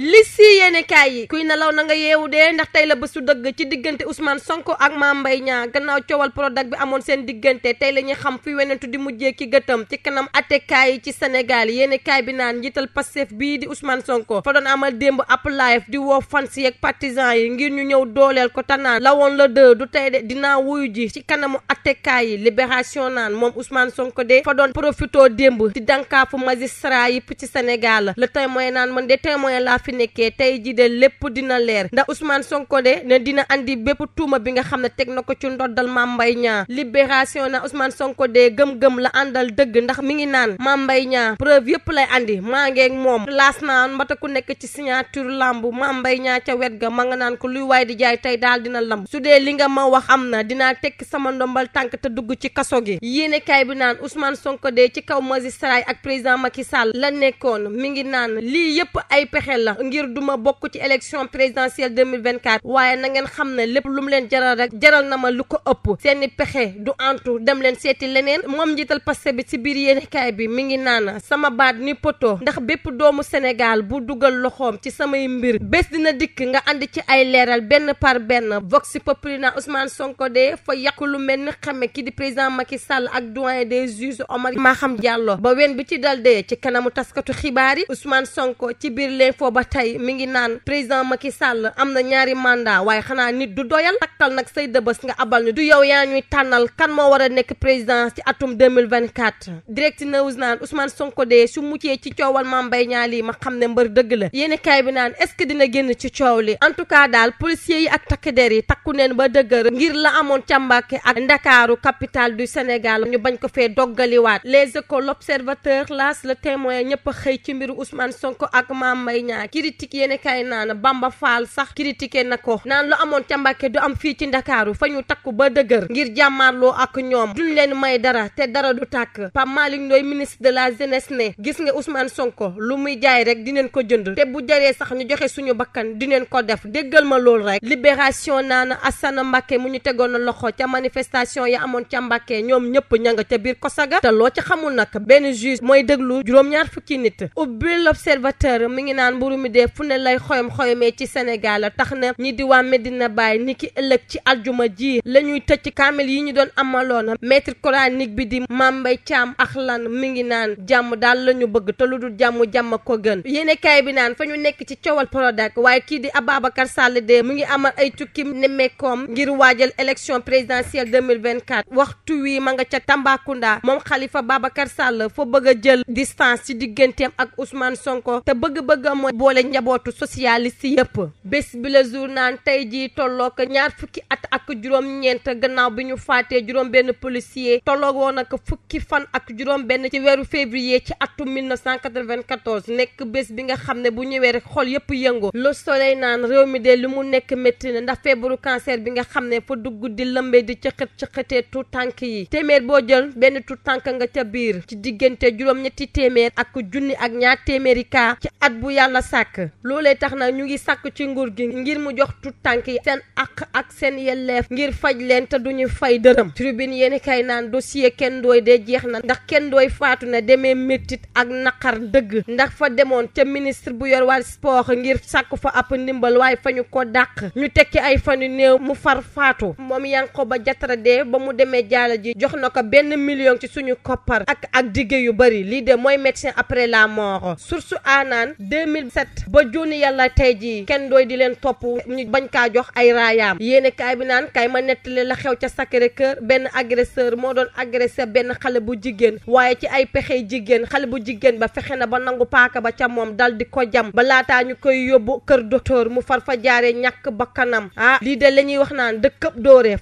li si yéene kaay yi kuy nelaw na nga yeewu de ndax tey la bésu dëgg ci diggante Ousmane Sonko ak Mame Mbaye Niang gannaaw coowal Prodac bi amoon seen diggante tey la ñuy xam fi wenentu di mujjee ki gëtam ci kanam attekaay yi ci senegal yéene kaay bi naan njiital Pastef bii di Ousmane Sonko fa doon amal démb ab di woo fans yi ak partisans yi ngir ñu ñëw dooleel ko tanaan lawoon la dë du tey de dinaa wuyu ji ci kanamu ak attekaay yi libération naan moom Ousmane Sonko de fa doon profito démb di dankaafu magistrat yëpp ci Sénégal le témoin naan man de témoin laa fi nekkee tey jii de lépp dina leer ndax Ousmane Sonko de ne dina andi bépp tuuma bi nga xam ne teg na ko ci ndoddal Mame Mbaye Niang libération naan Ousmane Sonko de gëm-gëm la àndal dëgg ndax mi ngi naan Mame Mbaye Niang preuve yëpp lay andi maa ngeeg moom laas naan mbata ku nekk ci signature lamb Mame Mbaye Niang ca wet ga ma nga naan ko luy waay di jaay tey daal dina lamb su dee li nga ma wax am na dinaa tekki sama ndombal tànk te dugg ci kaso gi yéenekaay bi naan usman Sonko de ci kaw magistrat yi ak président Macky Sall la nekkoon mi ngi naan lii yépp ay pexe la ngir duma bokk ci élection présidentielle 2024 waaye na ngeen xam ne lépp lu mu leen jaral rek jaral na ma lu ko ëpp seeni pexe du antu dem leen seeti leneen moom njiital Pastef bi ci biir yéenekaay bi mi ngi naan sama baat ni poto ndax bépp doomu Sénégal bu dugal loxoom ci samay mbir bés dina dikk nga ànd ci ay leeral benn par benn vox populi na Ousmane Sonko de fa yàqu lu xame ki di président Macky Sall ak doyen des juges Omar xam Diallo ba wen bi ci dal dee ci kanamu taskatu xibaar yi Ousmane Sonko ci biir l'info ba tey mi ngi naan président Macky Sall am na ñaari mandat waaye xanaa nit du doyal takkal nag say dëbës nga abal ñu du yow yaa ñuy tànnal kan moo war a nekk président ci atum vingt 2024 direct news naan Ousmane Sonko dee su muccee ci coowal ma Mbaye Niang lii ma xam ne mbër dëgg la yéen kaay bi naan est-ce que dina génn ci coow li en tout daal policiers yi ak takk der takku neen ba dëgër ngir la amoon càmbaake ak ndakaaru capitale du Sénégal ñu bañ ko fee doggaliwaat les écoles l'observateur las le témoin ñëpp a xëy ci mbiru Ousmane Sonko ak Mame Mbaye Niang critique yéen kay naan Bamba faal sax critiqué na ko naan lu amoon ca Mbàkke du am fii ci ndakaaru fa ñu takku ba dëgër ngir jàmmaarloo ak ñoom duñ leen may dara te dara du tàkk Pape Malick Ndoye ministre de la jeunesse ne gis nga Ousmane Sonko lu muy jaay rek dinañ ko jënd te bu jaree sax ñu joxe suñu bakkan dinañ ko def déggal ma loolu rek libération naan Assane Mbacké mu ñu tegoon loxo manifestation agression ya amoon ca Mbàkke ñoom ñëpp ña nga ca biir kosaga te loo ci xamul nag benn juge mooy déglu juróom-ñaar fukki nit ubbi l'observateur mi ngi naan mburu mi dee fu ne lay xoyom xoyomee ci Sénégal tax na ñi di waa na Baye ni ki ëllëg ci aljuma ji la ñuy tëcc kaamil yi ñu doon amaloon maître coranique bi di Mambay Thiam ak lan mi ngi naan jàmm daal la ñu bëgg te lu dul jàmm jàmm ko gën yéene kaay bi naan fa ñu nekk ci coowal Prodac waaye kii di Ababacar Sall ngi amal ay tukki nemmeekoom ngir waajal élection présidentielle 2020 24 waxtu wii ma nga ca Tambacounda moom xalifa Babacar Sall fa bëgg a jël distance ci digganteem ak usmaan Sonko te bëgg-bëgg a mooy boole njabootu socialiste yëpp bés bi la jour naan tey jii tolloo ko ñaar fukki at ak juróom-ñeent gannaaw bi ñu faatee juróom-benn policier tolloo woon ak fukki fan ak juróom-benn ci weeru février ci atum 1994 nekk bés bi nga xam ne bu ñëwee rek xool yëpp yëngoo Le Soleil naan réew mi de li mu nekk métti na ndax feebaru cancer bi nga xam ne fa rafetee tout tànk yi téeméer boo benn tout tànk nga ca biir ci diggante juróom téeméer ak junni ak ñaar téeméeri kaa ci at bu yàlla sàkk loolee tax na ñu ngi sàkk ci nguur gi ngir mu jox tout tànk yi seen àq ak seen yelleef ngir faj leen te duñu fay dërëm tribune yéen kay naan dossier kenn dooy dee jeex na ndax kenn dooy faatu na demee méttit ak naqar dëgg ndax fa demoon ca ministre bu yor spoox sport ngir sàkk fa ab ndimbal waaye fa ñu ko dàq ñu tekki ay fan yu néew mu far faatu moom Yankoba Diattara dee ba mu demee jaala ji jox na ko benn million ci suñu koppar ak ak digge yu bëri lii de mooy médecin après la mort source aanaan 2007 ba junni yàlla tey jii kenn dooy di leen topp ñu bañ kaa jox ay raayaam yéene kaay bi naan kay ma nettali la xew ca Sacré kër benn agresseur moo doon agressé benn xale bu jigéen waaye ci ay pexe jigéen xale bu jigéen ba fexe na ba nangu paaka ba ca moom dal di ko jam ba laataa ñu koy yóbbu kër docteur mu far fa jaaree ñàkk bakkanam ah lii de la wax naan dëkkëb dooree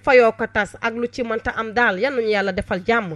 lu ci mënta am daal yal nañu yàlla defal jàmm